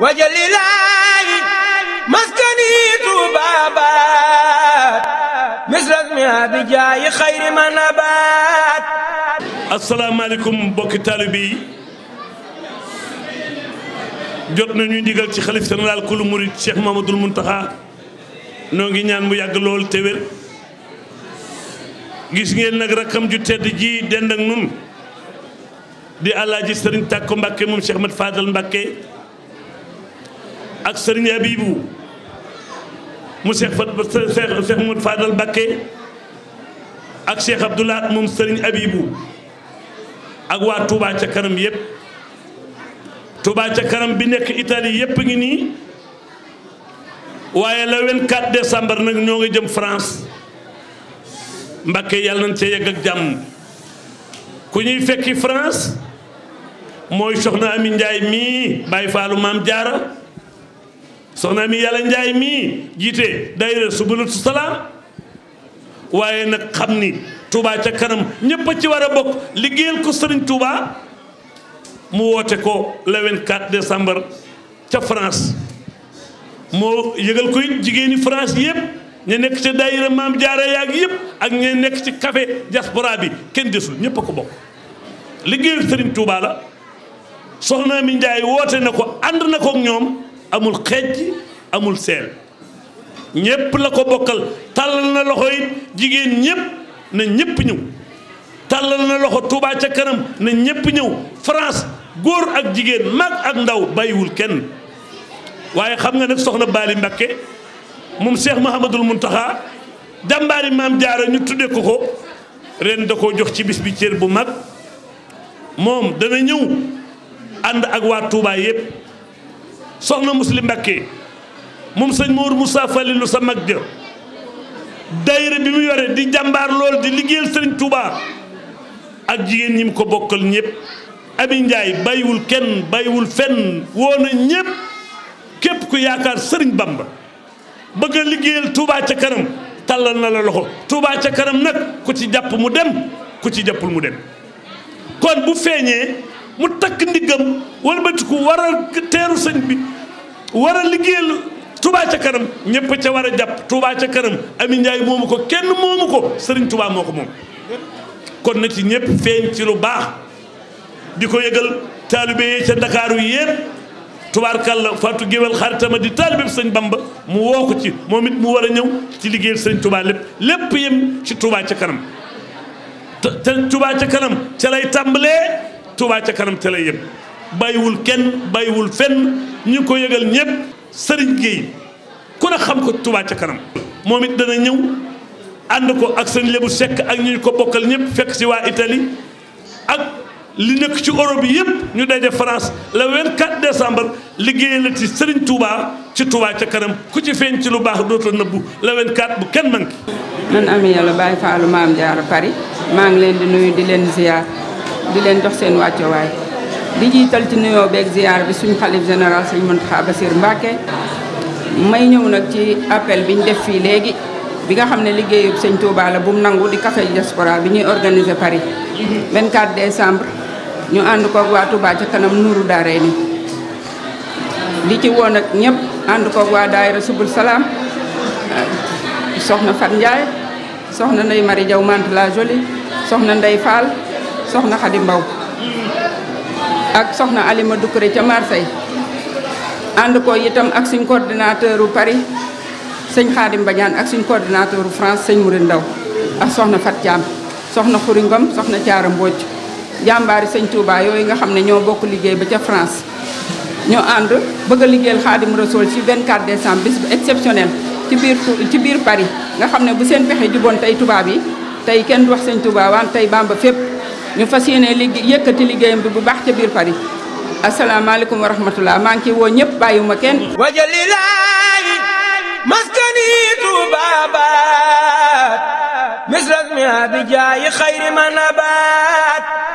wajalilaayi maskani tuubaabaat misrasmi abijaayi xayri ma nabaat asalaamaaleykum mbokki taalibe yi jot nañu ndigal ci xalif général kulu murid Cheikh Mamadul Muntaxa noo ngi ñaan mu yàgg lool te wér gis ngeen nag rakkam ju tedd ji dend ak nun di alaaji sëriñ tàkko mbàkke moom Cheikh Mat Fadal Mbàkke ak sëriñ Abibu mu Cheikh fa Cheikh Cheikh Mout Fadal Bakke ak Cheikh Abdoulaat moom sëriñ Abibu ak waa Touba ca kanam yépp Touba ca kanam bi nekk Italie yépp ngi nii waaye la le 24 décembre nag ñoo ngi jëm France Mbakke yàlla nañ ca yegg ak jàmm ku ñuy fekki France mooy soxna Ami Njaay mii bàyyi faalu maam jaara soxna mi yàlla njaay mii jiite daayira subulatu salaam waaye nag xam ni Touba ca kanam ñëpp a ci war a bokk liggéeyal ko sëriñ Touba mu woote ko le 24 décembre ca France moo yëgal koy jigéeni France yëpp ña nekk ca daayira maam jaara yàgg yëpp ak ña nekk ci café diaspora bi kenn desul ñëpp ko bokk liggéeyal Serigne Touba la soxna mi njaay woote na ko ànd na ko ñoom. amul xejj amul seel ñépp la ko bokkal tàllal na loxo it jigéen ñépp na ñépp ñëw tàllal na loxo Touba ca kanam na ñépp ñëw France góor ak jigéen mag ak ndaw bàyyiwul kenn waaye xam nga ne soxna Baali Mbakke moom mu Cheikh mun Muntaxa jàmbaari maam jaara ñu tudde ko ko ren da ko jox ci bis bi cër bu mag moom dana ñëw ànd ak waa Touba yépp soxna muslim Mbakke moom sëñ Mour Moussa Falilou sa mag ja daayira bi mu yore di jàmbaar lool di liggéeyal sëriñ Touba ak jigéen ñi mu ko bokkal ñépp Ami Ndiaye bàyyiwul kenn bàyyiwul fenn woona ñëpp képp ku yaakaar sëriñ Bamba bëgg a liggéeyal tuubaa ca kanam tàllal na la loxo Touba ca kanam nag ku ci jàpp mu dem ku ci jàppul mu dem kon bu feeñee mu takk ndiggam wala batiku war a teeru sëñ bi war a liggéeyal tubaa ca kanam ñëpp ca war a jàpp tubaa ca kanam Ami Ndiaye moomu ko kenn moomu ko Serigne Touba moo moom. kon na ci ñëpp feeñ ci lu baax di ko yëgal taalibe yi ca Ndakaaru yépp tubaarkàlla Fatou Géwal xaritama di taalibe sëñ Bamba mu woo ko ci moom it mu war a ñëw ci liggéeyal sëñ Touba lépp lépp yem ci Touba ca kanam te te Touba ca kanam calay lay tàmbalee Touba ca kanam ca lay yem bàyyiwul kenn bàyyiwul fenn. ñu ngi ko yëgal ñëpp Serigne Gueye ku ne xam ko Touba ca kanam. moom it dana ñëw ànd ko ak seen lebu sekk ak ñu ko bokkal ñëpp fekk si waa itali ak li nekk ci Europe yëpp ñu daje France le 24 décembre liggéeyal ci Serigne Touba ci Touba ca kanam ku ci feeñ ci lu baax dootoo nëbbu le 24 bu kenn manqué. man Amy Yalla Baye Fallou Maam Jaara Paris maa ngi leen di nuyu di leen ziar di leen jox seen wàccuwaay. di jiital ci nuyoo beeg ziar bi suñ xalif général sëñ Mountakha Bassirou Mbacké may ñëw nag ci appel bi def fii léegi bi nga xam ne liggéeyub sëñ Touba bu mu nangu di café diaspora bi ñuy organiser Paris 24 décembre ñu ànd koog waa Touba ca kanam nuuru daaree ni di ci woon ak ñëpp ànd koog waa daayira salaam soxna Fat Ndiaye soxna Ndey Mari Jaw Mante la Jolie soxna nday Fall soxna Xadi Mbaw ak soxna Alima Doucouré ca Marseille ànd ko itam ak suñ coordinateur u Paris sëñ Xaadim Badiane ak suñ coordinateur France sëñ Mouride Ndaw ak soxna Fat Thiam soxna Xuri Ngom soxna Caara Mbóoj jàmbaari sëñ tuubaa yooyu nga xam ne ñoo bokk liggéey ba ca France ñoo ànd bëgg a liggéeyal Xaadim Rasool ci vingt décembre de bu exceptionnel ci biir ci biir Paris nga xam ne bu seen pexe juboon tey tubaab yi tey kenn du wax sëñ Touba waan tey Bamba fépp ñu fas yéene liggéey yëkkati liggéeyam bi bu baax ca biir Paris asalaamaaleykum wa rahmatullah maa ngi ciy woo ñëpp bàyyiwuma kenn. wajalilaayi maskani tuubaabaat misras mi abijaayi xayri ma nabaat